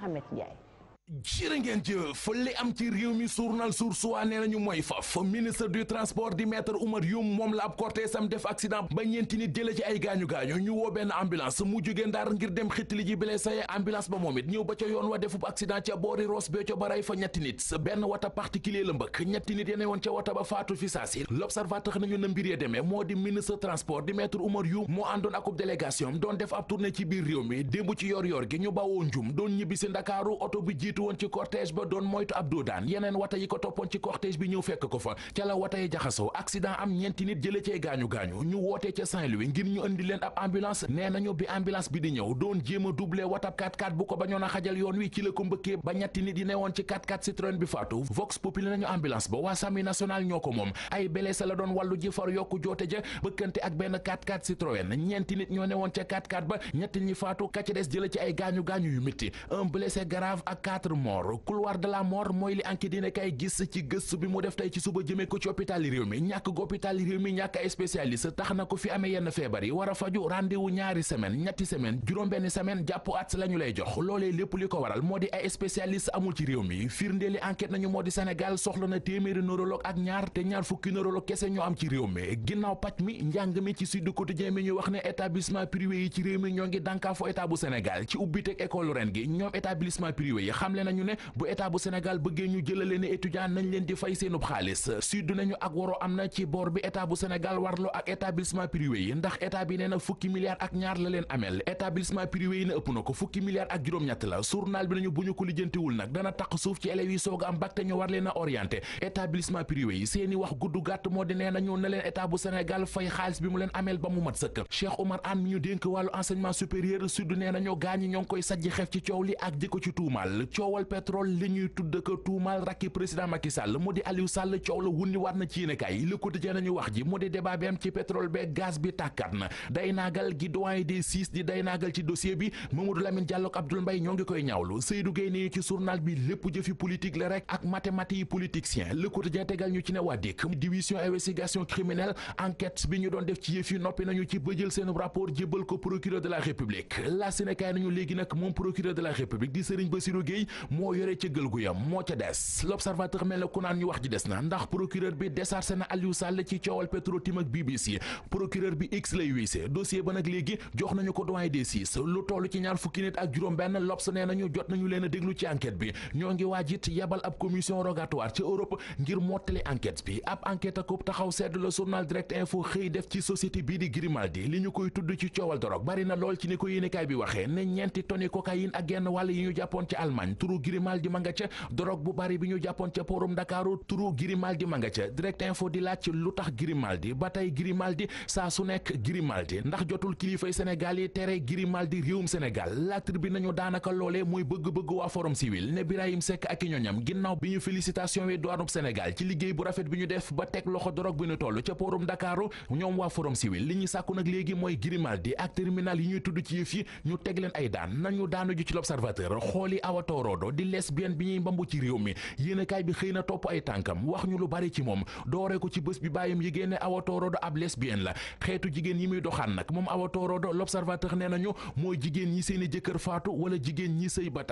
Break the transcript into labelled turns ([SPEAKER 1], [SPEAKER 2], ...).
[SPEAKER 1] Mouhamed Ndiaye jërë ngeen jëf li am ci réew mi journal Source A nee nañu mooy faf ministre du transport di maître Oumar Youm moom la ab cortège sam def accident ba ñeenti nit jële ci ay gaañu-gaañu ñu woo benn ambulance mu jóge Ndar ngir dem xittali ji blessé ya ambulance ba moom it ñëw ba ca yoon wa defub accident ca boori Ross Béthio ba fa ñetti nit benn wata particulier la mbëkk ñetti nit yeneen woon ca wata ba faatu fi saasi l'observateur nañu na mbir ya demee moo di ministre transport di maître Oumar Youm moo àndoon akub délégation doon def ab tournée ci biir réew mi démb ci yor yor gi ñu bawoo njum doon ñibbi si Ndakaaru oto bi jiitu jiitu woon ci cortège ba doon moytu Abdou Daan yeneen wata yi ko toppoon ci cortège bi ñëw fekk ko fa ca la wata yi jaxasoo accident am ñeenti nit jële ci ay gaañu gaañu yu métti un blessé grave ak être mort couloir de la mort mooy li enquête dina kay gis ci gëstu bi mu def tey ci suba jëmee ko ci hôpital réew mi ñàkk gu hôpital réew mi ñàkk ay spécialiste tax na ko fi amee yenn feebar yi war a faju rendez-vous ñaari semaine ñetti semaine juróom-benn semaine jàpp at la ñu lay jox loolee lépp li ko waral moo di ay spécialiste amul ci réew mi firndeeli enquête nañu moo di Sénégal soxla na téeméeri neurologue ak ñaar te ñaar fukki neurologue kese ñoo am ci réew mi ginnaaw paj mi njàng mi ci Sud Quotidien mi wax ne établissement privé yi ci mi ñoo ngi dànkaafu état bu Sénégal ci ubbiteg école gi ñoom établissement privé yi xamle nañu ne bu état bu Sénégal bëggee ñu jëlale ne étudiant nañ leen di fay seenub xaalis sud nañu ak waroo am na ci boor bi état bu Sénégal warloo ak établissement bi nee na fukki milliards ak ñaar la leen amel établissement privé yi na ëpp na ko fukki milliards ak juróom-ñett la journal bi nañu bu ñu ko lijjantiwul nag dana taq suuf ci élèves yi am bac te ñu war leen a orienté bu Sénégal fay xaalis bi mu leen amel ba mu mat sëkk Cheikh Oumar Anne coowal pétrole li ñuy tudd ko tuumal rakki président Macky Sall mu di Aliou Sall coow la wunni war na ci yéene kaay Le Quotidien nañu wax ji mu di débat bi am ci pétrole be gaz bi tàkkat na day naagal gi doyen des six di day naagal ci dossier bi Mamadou Lamine Diallo ak Abdoul Mbaye ñoo ngi koy ñaawlu Seydou Gueye ne ci journal bi lépp jëfi politique la rek ak mathématiques yi politicien Le Quotidien tegal ñu ci ne waa dikk division investigation criminelle enquête bi ñu doon def ci yëf yi noppi nañu ci bëjël seen rapport jébbal ko procureur de la République léegi nag moom procureur de la République di Serigne Bassirou Gueye moo yore ca gël gu yam moo ca des l'observateur mel na ku naan ñu wax ji des na ndax procureur bi déchargé na Aliou Sall ci coowal Petro-Tim ak BBC procureur bi x lay wiise dossier ba nag léegi jox nañu ko doyen lu toll ci ñaar fukki nit ak juróom benn L'Obs nee nañu jot nañu leen a déglu ci enquête bi ñoo ngi waaj it yabal ab commission rogatoire ci Europe ngir mottali enquête bi ab enquête ak taxaw sedd la journal direct info xëy def ci société bii di Grimaldi li ñu koy tudd ci coowal dorog bari na lool ci ni ko yéenekaay bi waxee ne ñeenti toni ak genn wàll yi ñu ci Allemagne turu Grimaldi ma nga ca drogue bu bari bi ñu jàppoon ca porum Ndakaaru turu Grimaldi ma nga ca direct info di laaj lu tax Grimaldi ba tey Grimaldi saa su nekk Grimaldi ndax jotul kilifay Sénégal yi tere Grimaldi réewum Sénégal la na nañu daanaka loole mooy bëgg-bëgg waa forum civil ne Birahim Seck ak ñoñam ginnaaw bi ñu félicitation wi doanub Sénégal ci liggéey bu rafet bi ñu def ba teg loxo drogue bi ñu toll ca porum Ndakaaru ñoo waa forum civil li ñu sàkku nag léegi mooy Grimaldi ak terminal yi ñuy tudd ci yëf yi teg leen ay daan nañu daanu Rodo di lesbienne bi ñuy mbambu ci réew mi yéenekaay bi xëy na topp ay tànkam wax ñu lu bari ci moom doore ko ci bés bi bàyyam yi génne Awatou Rodo ab lesbienne la xeetu jigéen yi muy doxaan nag moom Awatou Rodo l'observateur nee nañu mooy jigéen ñi seeni jëkkër faatu wala jigéen ñi sëy ba